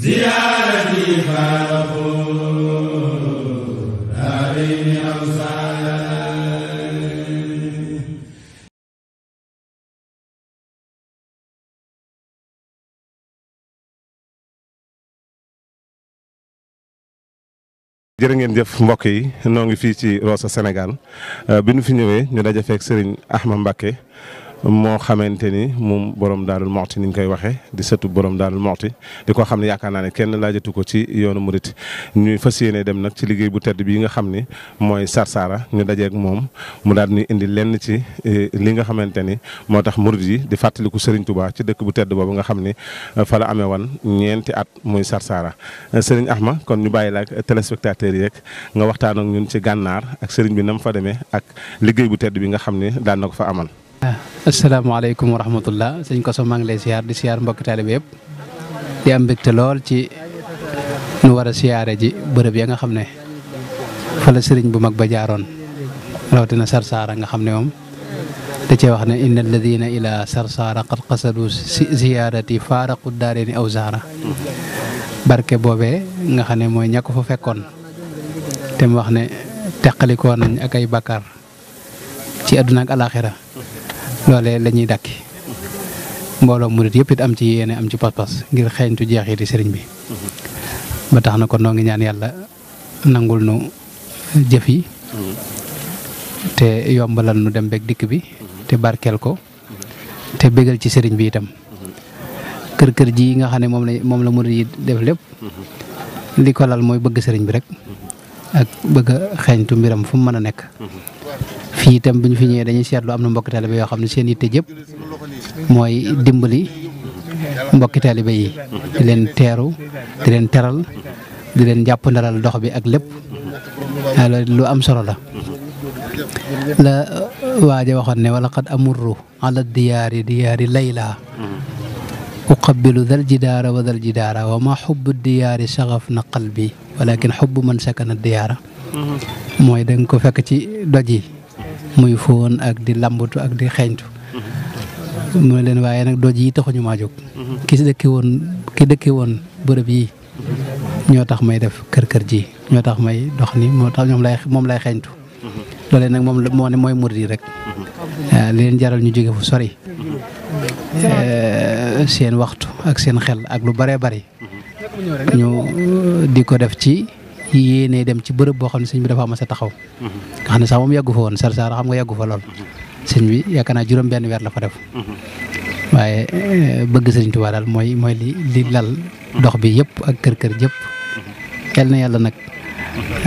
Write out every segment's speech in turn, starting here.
ziyaara jërë ngeen jëf mbokk yi noo ngi fii ci Rosso Sénégal euh, bi nu fi ñëwee ñu daje fekk Serigne Ahma Mbacké moo xamante ni moom borom Daarul Muxti ni ñu koy waxee di sëtu borom Daarul Muxti di ko xam ne yaakaar naa ne kenn laajatu ko ci yoonu murit ñuy fa yéene dem nag ci liggéey bu tedd bi nga xam ni mooy Sarsara ñu dajeeg moom mu daal ñuy indi lenn ci eh, li nga xamante ni moo tax murit yi di fàttaliku Serigne Touba ci dëkk bu tedd boobu nga xam ni eh, fa la amee woon ñeenti at muy Sarsara eh, Serigne ma kon ñu bàyyi la ak téléspectateurs nga waxtaan ak ñun ci gànnaar ak Serigne bi nam fa demee ak liggéey bu tedd bi nga xam ni daal na ko fa amal. Assalamualaikum warahmatullah. rahmatullah sëñ Koso mang ngi lay ziar di ziar mbok talib yëpp di am mbégte lool ci nu wara ziaré ji bërëb ya nga xamné fa la sëriñ bu mag ba jaaroon sar sara nga xamné mom da ci wax né innal ila qad qasadu aw barke bobé nga xamné moy ñako fa fekkon tém wax né takaliko nañ ak ay ci aduna ak alaaxira loolee lañuy ñuy dàkki mbooloo murit yëpp it am ci yéene am ci pas-pas ngir xeeñtu di sëriñ bi ba tax na kon noo ngi ñaan yàlla nangul nu jëf yi te yombalal nu dem beeg dikk bi te barkeel ko te bégal ci sëriñ bi itam kër kër ji nga xam ne moom la moom la murit yi def lépp li ko lal mooy bëgg sëriñ bi rek ak bëgg xeeñtu mbiram fu mu mën a nekk fii itam bu ñu fi ñëwee dañuy seetlu am na mbokki taalibe yoo xam ne seen yitte jëpp mooy dimbali mbokki taalibe yi di teeru di leen teral di leen jàpp ndaral dox bi ak lépp lu am solo la la uh, waaja waxoon ne wala qad amurru ala diyaari diyaari layla uqabilu dal jidaara wa dal jidaara wa ma xubbu diyaari saxaf na qalbi walakin xubbu man sakana diyaara mm-hmm. mooy danga ko fekk ci doj muy foon ak di lambatu ak di xeeñtu mooy leen waaye nag doj yi taxuñu maa jóg ki si dëkki woon ki dëkki woon bërëb yi ñoo tax may def kër kër ji ñoo tax may dox ni moo tax ñoom lay moom lay xeeñtu loolee nag moom moo ne mooy murid yi rek leen jaral ñu jóge fu sori eh, seen waxtu ak seen xel ak lu bare bari ñu di ko def ci yéenee dem ci bërëb boo xam ne sëñ bi dafa am sa taxaw nga xam ne sax moom yàggu fa woon sar sar xam nga yàggu fa lool sëñ bi yaakaar naa juróom benn weer la fa def waaye eh, bëgg sëñ Tuubaa daal mooy mooy li li lal dox bi yëpp ak kër kër yëpp yal na yàlla nag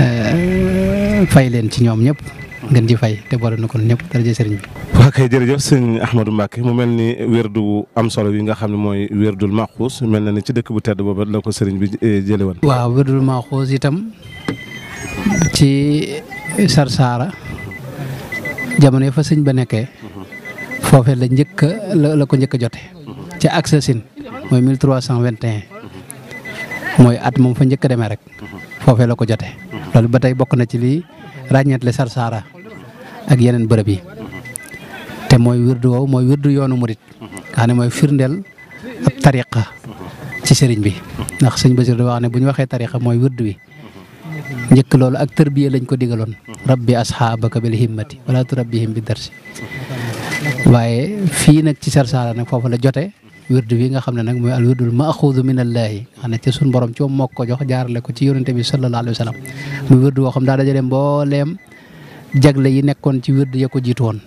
eh, fay leen ci ñoom ñëpp ngeen ji fay te boole na ko ñëpp daraje sëriñ bi. wa kay jërëjëf sëñ Ahmadou mbake mu melni ni wirdu am solo wi nga xamni moy werdul makhous Maxuus ni ci dekk bu tedd bobu la ko serigne bi eh, jele won wa werdul makhous itam ci Sarsara jamono fa sëñ ba nekké fofé la ñëk la ko ñëk ci Aksasin moy 1321 moy at mom fa ñëk démé rek fofé la ko jote loolu batay bok na ci li le Sarsara ak yenen bërëb yi te moy wirdu wo moy wirdu yoonu murit xane moy firndel mooy ab tariqa ci sëriñ bi ndax sëñ Basiir da wax ne bu ñu tariqa moy wirdu wi njëkk ak lañ ko digaloon rabbi himbitarsi. bil himmati wala turabbihim bid darsi waye fi nak ci sala nak fofu la jote wirdu wi nga xam nak moy al wirdul maaxuudu min allah xam ci sun borom ci moom jox jaarale ko ci bi sallallahu alaihi wasallam mu wirdu wo xam dajalem bo lem jagle yi nekkoon ci wird ya ko jiitu woon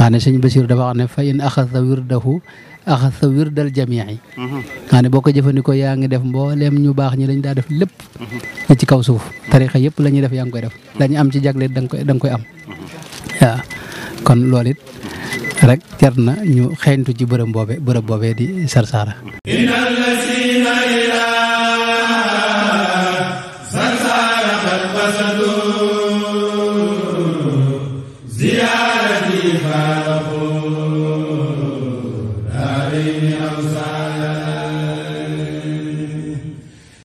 nga ne sëñ Basiir dafa wax ne fa in axasa wirdahu axasa wirdal jamii nga ne boo ko jëfandikoo yaa ngi def mbooleem ñu baax ñi lañ daa def lépp la mhm. ci kaw suuf tarixa yëpp la ñuy def yaa ngi koy def lañu am ci jagle danga koy da nga koy am mhm. waaw kon loolu it rek jar na ñu xeeñtu ci bërëb boobe bërëb di Sarsara ziyaara ji fa